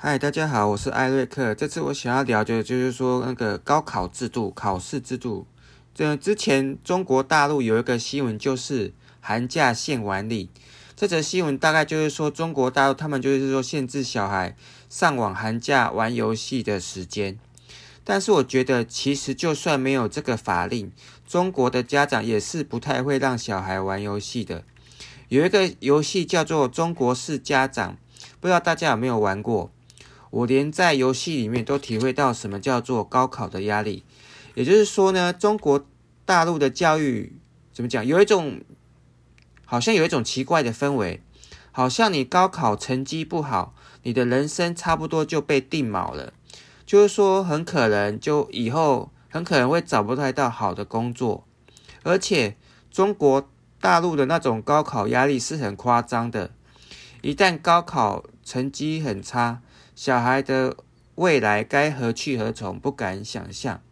嗨，大家好，我是艾瑞克。這次我想要聊的，就是說那個高考制度、考試制度。這之前中國大陸有一個新聞，就是寒假限玩令。這則新聞大概就是說，中國大陸他們就是說限制小孩上網寒假玩遊戲的時間。但是我覺得，其實就算沒有這個法令，中國的家長也是不太會讓小孩玩遊戲的。有一個遊戲叫做《中國式家長》，不知道大家有沒有玩過？我連在遊戲裡面都體會到什麼叫做高考的壓力，也就是說呢，中國大陸的教育怎麼講？有一種好像有一種奇怪的氛圍，好像你高考成績不好，你的人生差不多就被定錨了，就是說，很可能就以後很可能會找不到好的工作，而且中國大陸的那種高考壓力是很誇張的，一旦高考成績很差。小孩的未來該何去何從，不敢想象。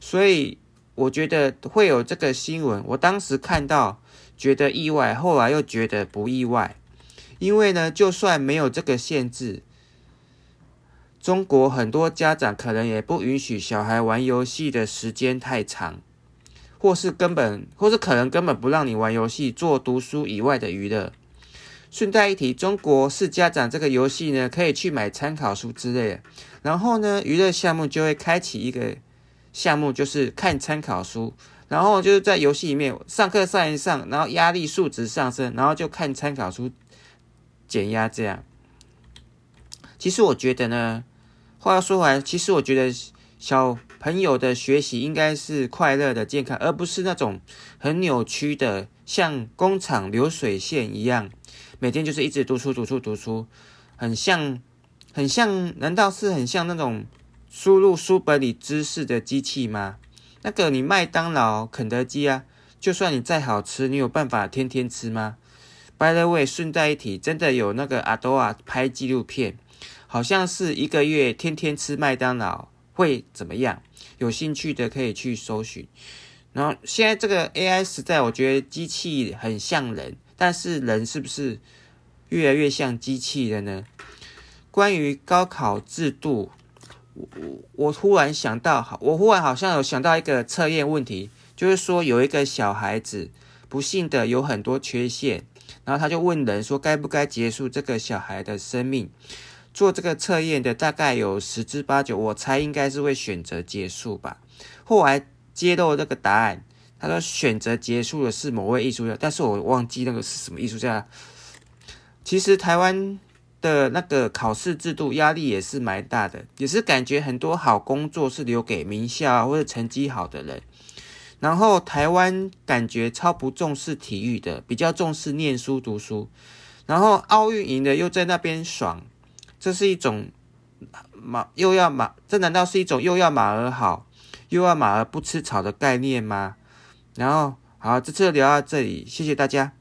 所以我覺得會有這個新聞，我當時看到覺得意外，後來又覺得不意外。因為呢，就算沒有這個限制，中國很多家長可能也不允許小孩玩遊戲的時間太長，或是根本，或是可能根本不讓你玩遊戲，做讀書以外的娛樂。順帶一提，中國式家長這個遊戲呢，可以去買參考書之類的。然後呢，娛樂項目就會開啟一個項目，就是看參考書。然後就是在遊戲裡面上課上一上，然後壓力數值上升，然後就看參考書減壓這樣。其實我覺得呢，話說回來，其實我覺得小朋友的學習應該是快樂的、健康，而不是那種很扭曲的，像工廠流水線一樣。每天就是一直讀書讀書讀書，很像，很像，難道是很像那種輸入書本裡知識的機器嗎？那個你麥當勞、肯德基啊，就算你再好吃，你有辦法天天吃嗎？By the way，順帶一提，真的有那個阿多啊拍紀錄片，好像是一個月天天吃麥當勞會怎麼樣？有興趣的可以去搜尋。然後現在這個 AI 時代，我覺得機器很像人。但是人是不是越來越像機器人呢？關於高考制度，我我我忽然想到，好，我忽然好像有想到一個測驗問題，就是說有一個小孩子不幸的有很多缺陷，然後他就問人說該不該結束這個小孩的生命。做這個測驗的大概有十之八九，我猜應該是會選擇結束吧。後來揭露這個答案。他的選擇結束的是某位藝術家，但是我忘記那個是什麼藝術家。其實台灣的那個考試制度壓力也是蠻大的，也是感覺很多好工作是留給名校啊，或者成績好的人。然後台灣感覺超不重視體育的，比較重視念書讀書。然後奧運贏的又在那邊爽，這是一種馬又要馬，這難道是一種又要馬兒好，又要馬兒不吃草的概念嗎？然後，好，這次就聊到這裡，謝謝大家。